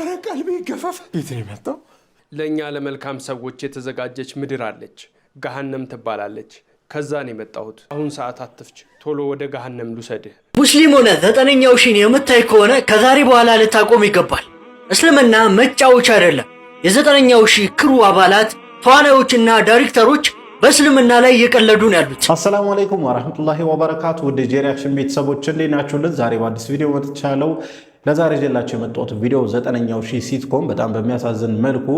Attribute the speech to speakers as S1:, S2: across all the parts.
S1: አረ ቀልቤ ይገፈፍ። ቤት ነው የመጣው።
S2: ለእኛ ለመልካም ሰዎች የተዘጋጀች ምድር አለች፣ ገሃነም ትባላለች። ከዛ ነው የመጣሁት። አሁን ሰዓት አትፍች፣ ቶሎ ወደ ገሃነም ልውሰድህ።
S3: ሙስሊም ሆነ ዘጠነኛው ሺን የምታይ ከሆነ ከዛሬ በኋላ ልታቆም ይገባል። እስልምና መጫወቻ አይደለም። የዘጠነኛው ሺ ክሩ አባላት ተዋናዮችና ዳይሬክተሮች በእስልምና ላይ እየቀለዱ ነው ያሉት።
S4: አሰላሙ አለይኩም ወራህመቱላሂ ወበረካቱ። ወደ ጄሪያክሽን ቤተሰቦች እንዴት ናችሁልን? ዛሬ በአዲስ ቪዲዮ መጥቻለሁ። ለዛሬ ይዤላችሁ የመጣሁት ቪዲዮ ዘጠነኛው ሺህ ሲትኮም በጣም በሚያሳዝን መልኩ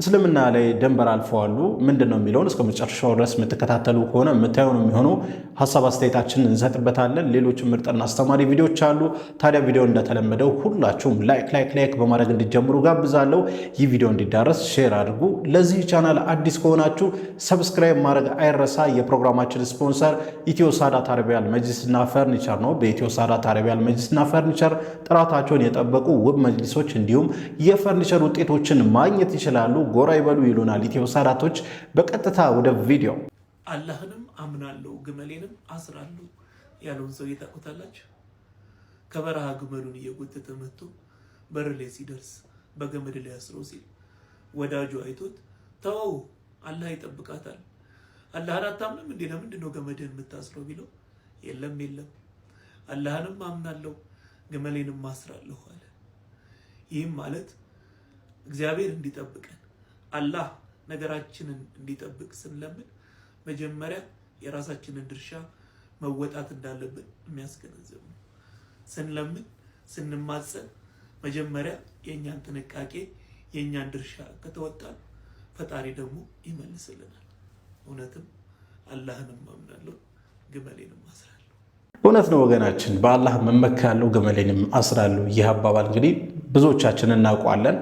S4: እስልምና ላይ ድንበር አልፈዋሉ ምንድን ነው የሚለውን እስከ መጨረሻው ድረስ የምትከታተሉ ከሆነ የምታዩ ነው የሚሆነው። ሀሳብ አስተያየታችንን እንሰጥበታለን። ሌሎች ምርጥና አስተማሪ ቪዲዮዎች አሉ። ታዲያ ቪዲዮ እንደተለመደው ሁላችሁም ላይክ ላይክ ላይክ በማድረግ እንዲጀምሩ ጋብዛለሁ። ይህ ቪዲዮ እንዲዳረስ ሼር አድርጉ። ለዚህ ቻናል አዲስ ከሆናችሁ ሰብስክራይብ ማድረግ አይረሳ። የፕሮግራማችን ስፖንሰር ኢትዮ ሳዳት አረቢያል መጅልስና ፈርኒቸር ነው። በኢትዮ ሳዳት አረቢያል መጅልስና ፈርኒቸር ጥራታቸው ጥራታቸውን የጠበቁ ውብ መጅሊሶች እንዲሁም የፈርኒቸር ውጤቶችን ማግኘት ይችላሉ። ጎራ ይበሉ ይሉናል ኢትዮ በቀጥታ ወደ ቪዲዮ
S5: አላህንም አምናለሁ ግመሌንም አስራለሁ ያለውን ሰው ታውቁታላችሁ። ከበረሃ ግመሉን እየጎተተ መጥቶ በር ላይ ሲደርስ በገመድ ላይ አስሮ ሲል ወዳጁ አይቶት ተው አላህ ይጠብቃታል፣ አላህን አታምንም እንዴ? ለምንድን ነው ገመድህን የምታስረው ቢለው የለም የለም አላህንም አምናለሁ ግመሌንም ማስራለሁ አለ። ይህም ማለት እግዚአብሔር እንዲጠብቀን አላህ ነገራችንን እንዲጠብቅ ስንለምን መጀመሪያ የራሳችንን ድርሻ መወጣት እንዳለብን የሚያስገነዝብ ነው። ስንለምን ስንማጸን መጀመሪያ የእኛን ጥንቃቄ የእኛን ድርሻ ከተወጣን ፈጣሪ ደግሞ ይመልስልናል። እውነትም አላህንም አምናለሁ ግመሌንም አስራለሁ።
S4: እውነት ነው ወገናችን፣ በአላህ ያለው ግመሌንም አስራለሁ። ይህ አባባል እንግዲህ ብዙዎቻችን እናውቋለን።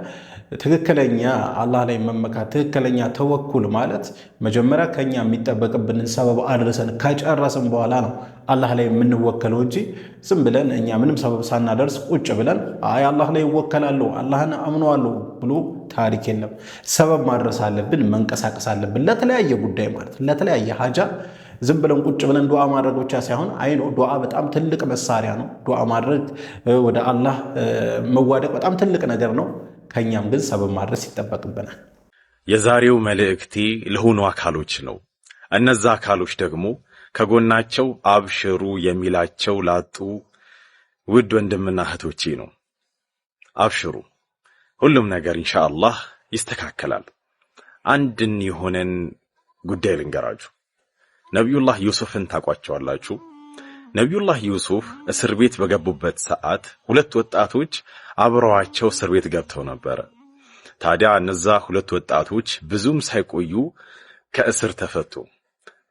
S4: ትክክለኛ አላህ ላይ መመካት፣ ትክክለኛ ተወኩል ማለት መጀመሪያ ከኛ የሚጠበቅብንን ሰበብ አድርሰን ከጨረስን በኋላ ነው አላህ ላይ የምንወከለው እንጂ ዝም ብለን እኛ ምንም ሰበብ ሳናደርስ ቁጭ ብለን አይ አላህ ላይ ይወከላለሁ አላህን አምነዋለሁ ብሎ ታሪክ የለም። ሰበብ ማድረስ አለብን፣ መንቀሳቀስ አለብን፣ ለተለያየ ጉዳይ ማለት ለተለያየ ሀጃ ዝም ብለን ቁጭ ብለን ዱዓ ማድረግ ብቻ ሳይሆን አይ ነው ዱዓ በጣም ትልቅ መሳሪያ ነው። ዱዓ ማድረግ ወደ አላህ መዋደቅ በጣም ትልቅ ነገር ነው። ከእኛም ግን ሰበብ ማድረስ ይጠበቅብናል።
S6: የዛሬው መልእክቴ ለሆኑ አካሎች ነው። እነዛ አካሎች ደግሞ ከጎናቸው አብሽሩ የሚላቸው ላጡ ውድ ወንድምና እህቶቼ ነው። አብሽሩ፣ ሁሉም ነገር ኢንሻአላህ ይስተካከላል። አንድን የሆነን ጉዳይ ልንገራችሁ። ነቢዩላህ ዩሱፍን ታቋቸዋላችሁ። ነቢዩላህ ዩሱፍ እስር ቤት በገቡበት ሰዓት ሁለት ወጣቶች አብረዋቸው እስር ቤት ገብተው ነበረ። ታዲያ እነዛ ሁለት ወጣቶች ብዙም ሳይቆዩ ከእስር ተፈቱ።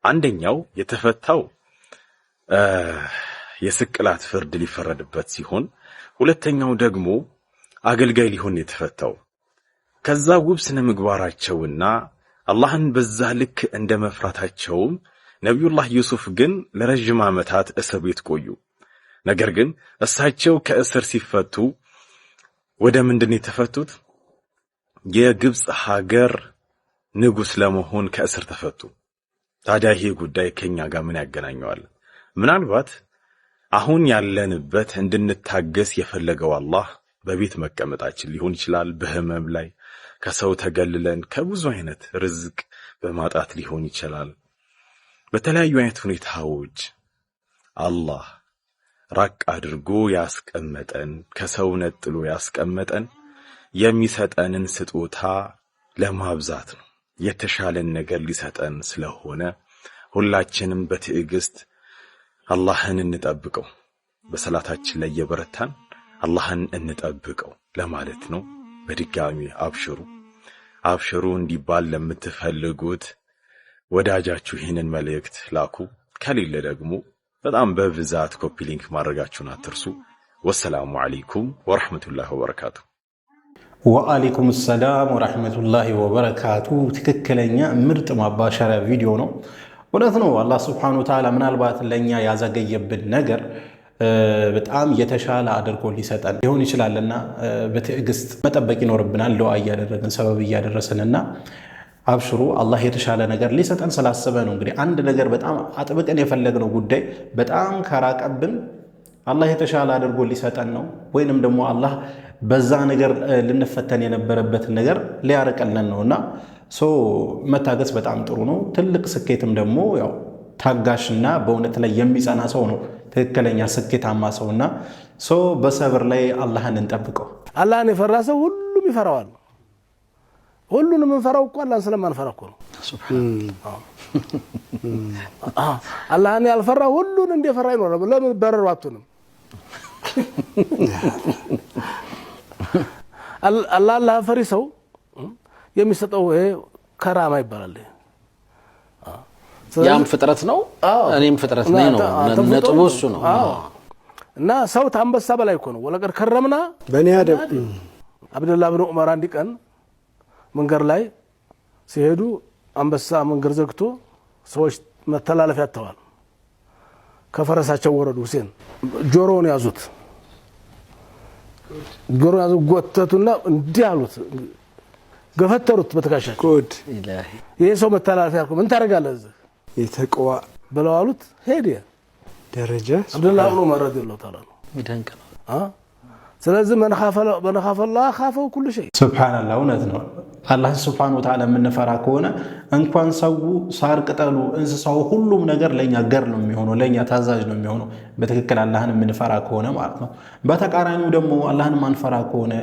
S6: አንደኛው የተፈታው የስቅላት ፍርድ ሊፈረድበት ሲሆን፣ ሁለተኛው ደግሞ አገልጋይ ሊሆን የተፈታው። ከዛ ውብ ስነ ምግባራቸውና አላህን በዛ ልክ እንደ መፍራታቸውም ነቢዩላህ ዩሱፍ ግን ለረዥም ዓመታት እስር ቤት ቆዩ። ነገር ግን እሳቸው ከእስር ሲፈቱ ወደ ምንድን የተፈቱት? የግብፅ ሀገር ንጉሥ ለመሆን ከእስር ተፈቱ። ታዲያ ይሄ ጉዳይ ከኛ ጋር ምን ያገናኘዋል? ምናልባት አሁን ያለንበት እንድንታገስ የፈለገው አላህ በቤት መቀመጣችን ሊሆን ይችላል። በህመም ላይ ከሰው ተገልለን ከብዙ አይነት ርዝቅ በማጣት ሊሆን ይችላል። በተለያዩ አይነት ሁኔታዎች አላህ ራቅ አድርጎ ያስቀመጠን ከሰው ነጥሎ ያስቀመጠን የሚሰጠንን ስጦታ ለማብዛት ነው። የተሻለን ነገር ሊሰጠን ስለሆነ ሁላችንም በትዕግስት አላህን እንጠብቀው። በሰላታችን ላይ የበረታን አላህን እንጠብቀው ለማለት ነው። በድጋሚ አብሽሩ አብሽሩ እንዲባል ለምትፈልጉት ወዳጃችሁ ይህንን መልእክት ላኩ። ከሌለ ደግሞ በጣም በብዛት ኮፒ ሊንክ ማድረጋችሁን አትርሱ። ወሰላሙ አለይኩም ወረሕመቱላህ ወበረካቱ።
S4: ወአለይኩም ሰላም ወረሕመቱላህ ወበረካቱ። ትክክለኛ ምርጥ ማባሻሪያ ቪዲዮ ነው። እውነት ነው። አላህ ስብሓነ ወተዓላ ምናልባት ለእኛ ያዘገየብን ነገር በጣም የተሻለ አድርጎ ሊሰጠን ሊሆን ይችላልና በትዕግስት መጠበቅ ይኖርብናል። ለዋ እያደረግን ሰበብ እያደረስንና አብሽሩ አላህ የተሻለ ነገር ሊሰጠን ስላሰበ ነው። እንግዲህ አንድ ነገር በጣም አጥብቀን የፈለግነው ጉዳይ በጣም ከራቀብን አላህ የተሻለ አድርጎ ሊሰጠን ነው፣ ወይንም ደግሞ አላህ በዛ ነገር ልንፈተን የነበረበትን ነገር ሊያርቀልን ነው እና መታገስ በጣም ጥሩ ነው። ትልቅ ስኬትም ደግሞ ያው ታጋሽና በእውነት ላይ የሚጸና ሰው ነው ትክክለኛ ስኬታማ ሰውና በሰብር ላይ አላህን እንጠብቀው።
S7: አላህን የፈራ ሰው ሁሉም ይፈራዋል። ሁሉን የምንፈራው እኮ አላህን ስለማንፈራ እኮ ነው። አላህን ያልፈራ ሁሉን እንደፈራ ይኖራል። ለምን በረሩ አትሆንም? አላህ አላህ ፈሪ ሰው የሚሰጠው ይሄ ከራማ ይባላል።
S4: ያም ፍጥረት ነው፣ እኔም ፍጥረት ነኝ ነው ነጥቡ፣ እሱ ነው።
S7: እና ሰው ከአንበሳ በላይ እኮ ነው። ወለቀድ ከረምና በኒ አደም አብደላ ብን ዑመር አንድ ቀን መንገድ ላይ ሲሄዱ አንበሳ መንገድ ዘግቶ ሰዎች መተላለፍ ያተዋል። ከፈረሳቸው ወረዱ። ሁሴን ጆሮውን ያዙት። ጆሮ ያዙት፣ ጎተቱና እንዲህ አሉት፣ ገፈተሩት በትከሻቸው። ይሄ ሰው መተላለፍ ያልኩ ምን ታደርጋለህ እዚህ የተቀዋ ብለው አሉት። ሄደ ደረጃ አብደላ ብሎ መረድ የለው ታላ ነው። ስለዚህ መንካፈላ ካፈው ኩሉ ሸይ
S4: ሱብሓነላህ እውነት ነው። አላህን ስብሐነ ወተዓላ የምንፈራ ከሆነ እንኳን ሰው፣ ሳር ቅጠሉ፣ እንስሳው፣ ሁሉም ነገር ለእኛ ገር ነው የሚሆነው፣ ለእኛ ታዛዥ ነው የሚሆነው በትክክል አላህን የምንፈራ ከሆነ ማለት ነው። በተቃራኒው ደግሞ አላህን ማንፈራ ከሆነ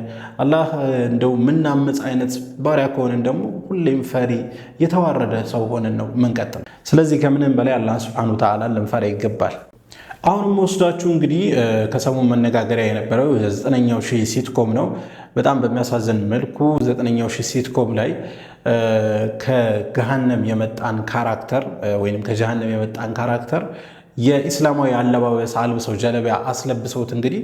S4: አላህ እንደው ምናምፅ አይነት ባሪያ ከሆነን ደግሞ ሁሌም ፈሪ የተዋረደ ሰው ሆነን ነው ምንቀጥል። ስለዚህ ከምንም በላይ አላህን ስብሐነ ወተዓላ ልንፈራ ይገባል። አሁንም ወስዳችሁ እንግዲህ ከሰሞኑ መነጋገሪያ የነበረው ዘጠነኛው ሺህ ሲትኮም ነው። በጣም በሚያሳዝን መልኩ ዘጠነኛው ሺህ ሲትኮም ላይ ከገሃነም የመጣን ካራክተር ወይም ከጀሃነም የመጣን ካራክተር የኢስላማዊ አለባበስ አልብሰው ጀለቢያ አስለብሰውት እንግዲህ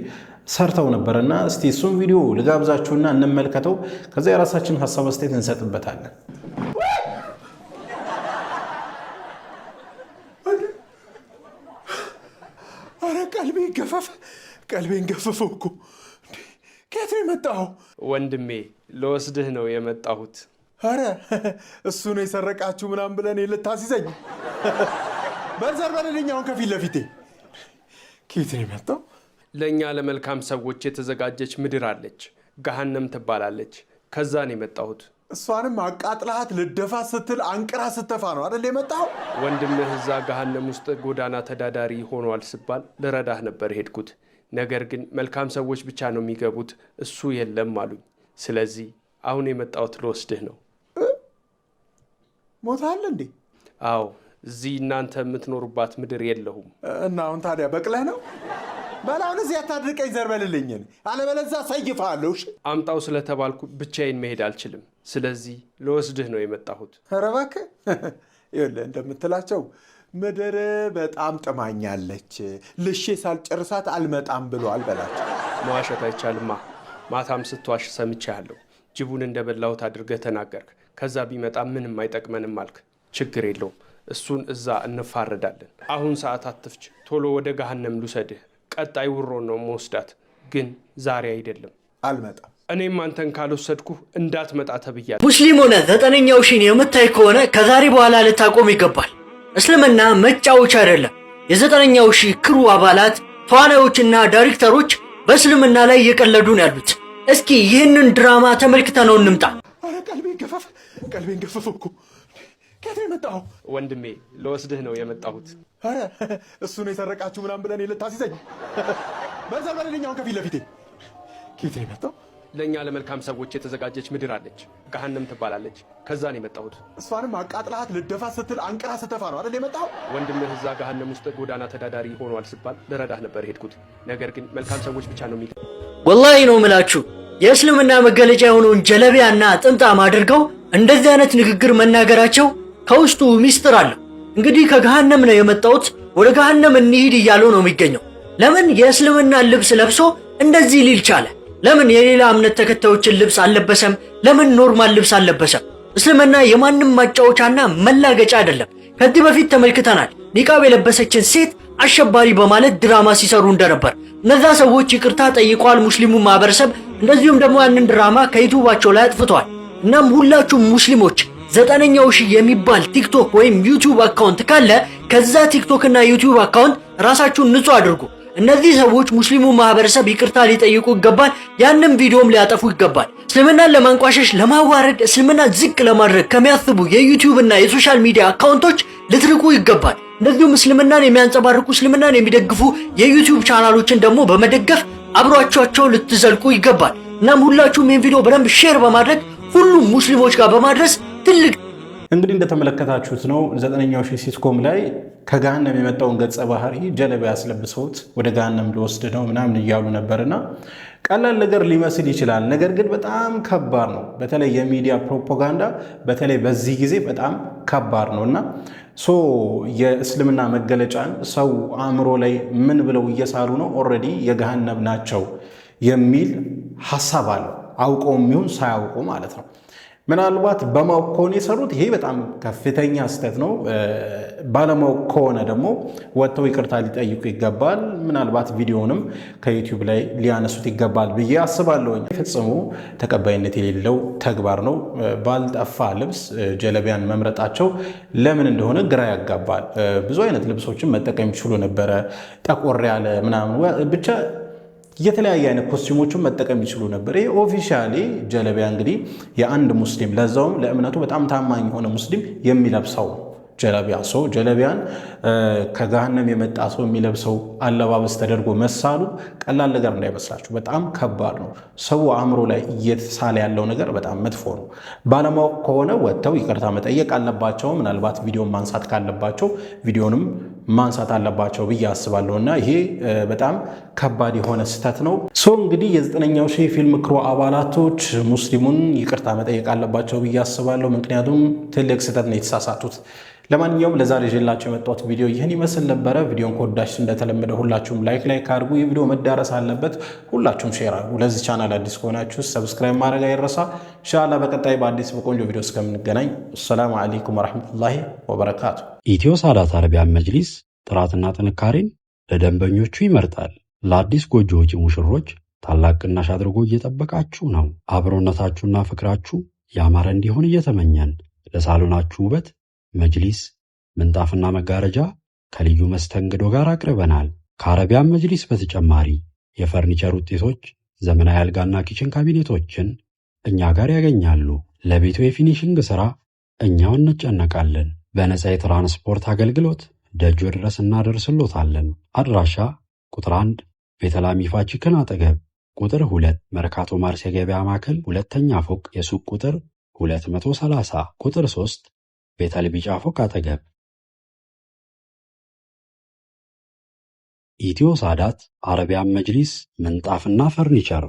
S4: ሰርተው እና እስቲ እሱም ቪዲዮ ልጋብዛችሁና እንመልከተው። ከዛ የራሳችን ሀሳብ አስተያየት እንሰጥበታለን።
S1: ቀልቤ ገፈፍ ቀልቤን ገፈፈው እኮ ከየት ነው የመጣኸው?
S2: ወንድሜ ለወስድህ ነው የመጣሁት።
S1: አረ እሱ ነው የሰረቃችሁ ምናምን ብለን ልታስይዘኝ በዘር በደለኛውን ከፊት ለፊቴ ከየት ነው የመጣው?
S2: ለእኛ ለመልካም ሰዎች የተዘጋጀች ምድር አለች፣ ገሃነም ትባላለች። ከዛ ነው የመጣሁት።
S1: እሷንም አቃጥላሃት ልደፋ ስትል አንቅራ ስተፋ ነው አደል የመጣው?
S2: ወንድምህ እዛ ገሃነም ውስጥ ጎዳና ተዳዳሪ ሆኗል ስባል ልረዳህ ነበር ሄድኩት። ነገር ግን መልካም ሰዎች ብቻ ነው የሚገቡት፣ እሱ የለም አሉኝ። ስለዚህ አሁን የመጣሁት ልወስድህ ነው። ሞታል እንዴ? አዎ፣ እዚህ እናንተ የምትኖሩባት ምድር የለሁም።
S1: እና አሁን ታዲያ በቅለህ ነው? በላሁን እዚህ አታድርቀኝ፣ ዘርበልልኝን፣ አለበለዚያ ሰይፋለሁ።
S2: አምጣው ስለተባልኩ ብቻዬን መሄድ አልችልም። ስለዚህ ልወስድህ ነው የመጣሁት።
S1: ኧረ እባክህ እንደምትላቸው ምድር በጣም ጥማኛለች፣ ልሼ ሳልጨርሳት አልመጣም ብሏል በላቸው።
S2: መዋሸት አይቻልማ። ማታም ስትዋሽ ሰምቻለሁ። ጅቡን እንደበላሁት አድርገህ ተናገርክ። ከዛ ቢመጣ ምንም አይጠቅመንም አልክ። ችግር የለውም እሱን እዛ እንፋረዳለን። አሁን ሰዓት አትፍች፣ ቶሎ ወደ ገሃነም ልውሰድህ። ቀጣይ ውሮን ነው መወስዳት፣ ግን ዛሬ አይደለም። አልመጣም እኔም አንተን ካልወሰድኩ እንዳትመጣ ተብያለሁ።
S3: ሙስሊም ሆነ ዘጠነኛው ሺን የምታይ ከሆነ ከዛሬ በኋላ ልታቆም ይገባል። እስልምና መጫወቻ አይደለም። የዘጠነኛው ሺህ ክሩ አባላት ተዋናዮችና ዳይሬክተሮች በእስልምና ላይ እየቀለዱ ነው ያሉት። እስኪ ይህንን ድራማ ተመልክተ ነው እንምጣ።
S1: ቀልቤን ገፈፍ ቀልቤን ገፈፍ እኮ ከት የመጣሁ
S2: ወንድሜ ለወስድህ ነው የመጣሁት።
S1: ኧረ እሱ ነው የሰረቃችሁ ምናምን ብለን የለታሲዘኝ በዛ በለልኛውን ከፊት ለፊቴ ኬት የመጣሁ
S2: ለእኛ ለመልካም ሰዎች የተዘጋጀች ምድር አለች፣ ገሃነም ትባላለች። ከዛ ነው የመጣሁት።
S1: እሷንም አቃጥላት ልደፋ ስትል አንቅራ ስተፋ ነው አይደል የመጣው?
S2: ወንድምህ እዛ ገሃነም ውስጥ ጎዳና ተዳዳሪ ሆኗል ስባል ልረዳህ ነበር ሄድኩት ነገር ግን መልካም ሰዎች ብቻ ነው የሚል
S3: ወላሂ ነው ምላችሁ። የእስልምና መገለጫ የሆነውን ጀለቢያና ጥምጣም አድርገው እንደዚህ አይነት ንግግር መናገራቸው ከውስጡ ሚስጥር አለ። እንግዲህ ከገሃነም ነው የመጣሁት፣ ወደ ገሃነም እንሂድ እያለው ነው የሚገኘው። ለምን የእስልምና ልብስ ለብሶ እንደዚህ ሊል ቻለ? ለምን የሌላ እምነት ተከታዮችን ልብስ አልለበሰም? ለምን ኖርማል ልብስ አልለበሰም? እስልምና የማንም ማጫወቻና መላገጫ አይደለም። ከዚህ በፊት ተመልክተናል። ኒቃብ የለበሰችን ሴት አሸባሪ በማለት ድራማ ሲሰሩ እንደነበር እነዛ ሰዎች ይቅርታ ጠይቋል ሙስሊሙ ማህበረሰብ። እንደዚሁም ደግሞ ያንን ድራማ ከዩቱባቸው ላይ አጥፍተዋል። እናም ሁላችሁም ሙስሊሞች ዘጠነኛው ሺህ የሚባል ቲክቶክ ወይም ዩቲዩብ አካውንት ካለ ከዛ ቲክቶክና ዩቲዩብ አካውንት ራሳችሁን ንጹህ አድርጉ። እነዚህ ሰዎች ሙስሊሙ ማህበረሰብ ይቅርታ ሊጠይቁ ይገባል። ያንም ቪዲዮም ሊያጠፉ ይገባል። እስልምናን ለማንቋሸሽ፣ ለማዋረድ፣ እስልምና ዝቅ ለማድረግ ከሚያስቡ የዩቲዩብ እና የሶሻል ሚዲያ አካውንቶች ልትርቁ ይገባል። እንደዚሁም እስልምናን የሚያንጸባርቁ እስልምናን የሚደግፉ የዩቲዩብ ቻናሎችን ደግሞ በመደገፍ አብሯቸው ልትዘልቁ ይገባል። እናም ሁላችሁም ይህን ቪዲዮ በደንብ ሼር በማድረግ ሁሉም ሙስሊሞች ጋር በማድረስ ትልቅ
S4: እንግዲህ እንደተመለከታችሁት ነው ዘጠነኛው ሺህ ሲትኮም ላይ ከገሃነም የመጣውን ገጸ ባህሪ ጀለባ ያስለብሰውት ወደ ገሃነም ሊወስድ ነው ምናምን እያሉ ነበርና ቀላል ነገር ሊመስል ይችላል። ነገር ግን በጣም ከባድ ነው። በተለይ የሚዲያ ፕሮፓጋንዳ በተለይ በዚህ ጊዜ በጣም ከባድ ነው እና ሶ የእስልምና መገለጫን ሰው አእምሮ ላይ ምን ብለው እየሳሉ ነው? ኦልሬዲ የገሃነም ናቸው የሚል ሀሳብ አለው። አውቀውም ይሁን ሳያውቁ ማለት ነው። ምናልባት በማወቅ ከሆነ የሰሩት ይሄ በጣም ከፍተኛ ስህተት ነው። ባለማወቅ ከሆነ ደግሞ ወጥተው ይቅርታ ሊጠይቁ ይገባል። ምናልባት ቪዲዮንም ከዩቲዩብ ላይ ሊያነሱት ይገባል ብዬ አስባለሁ። ፈጽሞ ተቀባይነት የሌለው ተግባር ነው። ባልጠፋ ልብስ ጀለቢያን መምረጣቸው ለምን እንደሆነ ግራ ያጋባል። ብዙ አይነት ልብሶችን መጠቀም ይችሉ ነበረ። ጠቆር ያለ ምናምን ብቻ የተለያየ አይነት ኮስቲሞችን መጠቀም ይችሉ ነበር። ይህ ኦፊሻሊ ጀለቢያ እንግዲህ የአንድ ሙስሊም ለዛውም ለእምነቱ በጣም ታማኝ የሆነ ሙስሊም የሚለብሰው ጀለቢያ ሰው ጀለቢያን ከገሃነም የመጣ ሰው የሚለብሰው አለባበስ ተደርጎ መሳሉ ቀላል ነገር እንዳይመስላችሁ በጣም ከባድ ነው። ሰው አእምሮ ላይ እየተሳለ ያለው ነገር በጣም መጥፎ ነው። ባለማወቅ ከሆነ ወጥተው ይቅርታ መጠየቅ አለባቸው። ምናልባት ቪዲዮን ማንሳት ካለባቸው ቪዲዮንም ማንሳት አለባቸው ብዬ አስባለሁ። እና ይሄ በጣም ከባድ የሆነ ስህተት ነው። ሶ እንግዲህ የዘጠነኛው ሺህ ፊልም ክሮ አባላቶች ሙስሊሙን ይቅርታ መጠየቅ አለባቸው ብዬ አስባለሁ። ምክንያቱም ትልቅ ስህተት ነው የተሳሳቱት። ለማንኛውም ለዛሬ ይዤላችሁ የመጣሁት ቪዲዮ ይህን ይመስል ነበረ። ቪዲዮን ከወዳችሁ እንደተለመደ ሁላችሁም ላይክ ላይክ አድርጉ። ቪዲዮ መዳረስ አለበት። ሁላችሁም ሼር አድርጉ። ለዚህ ቻናል አዲስ ከሆናችሁ ሰብስክራይብ ማድረግ አይረሳ። ኢንሻላህ በቀጣይ በአዲስ በቆንጆ ቪዲዮ እስከምንገናኝ አሰላሙ አለይኩም ወረሕመቱላሂ ወበረካቱ።
S8: ኢትዮ ሳዳት አረቢያን መጅሊስ ጥራትና ጥንካሬን ለደንበኞቹ ይመርጣል። ለአዲስ ጎጆ ወጪ ሙሽሮች ታላቅ ቅናሽ አድርጎ እየጠበቃችሁ ነው። አብሮነታችሁና ፍቅራችሁ ያማረ እንዲሆን እየተመኘን ለሳሎናችሁ ውበት መጅሊስ፣ ምንጣፍና መጋረጃ ከልዩ መስተንግዶ ጋር አቅርበናል። ከአረቢያን መጅሊስ በተጨማሪ የፈርኒቸር ውጤቶች፣ ዘመናዊ አልጋና ኪችን ካቢኔቶችን እኛ ጋር ያገኛሉ። ለቤቱ የፊኒሽንግ ሥራ እኛው እንጨነቃለን። በነፃ የትራንስፖርት አገልግሎት ደጆ ድረስ እናደርስሎታለን። አድራሻ ቁጥር 1 ቤተላሚ ፋችክን አጠገብ፣ ቁጥር 2 መርካቶ ማርስ የገበያ ማዕከል ሁለተኛ ፎቅ የሱቅ ቁጥር 230፣ ቁጥር 3 ቤታል ቢጫፎቅ አጠገብ ኢትዮ ሳዳት አረቢያን መጅሊስ ምንጣፍና ፈርኒቸር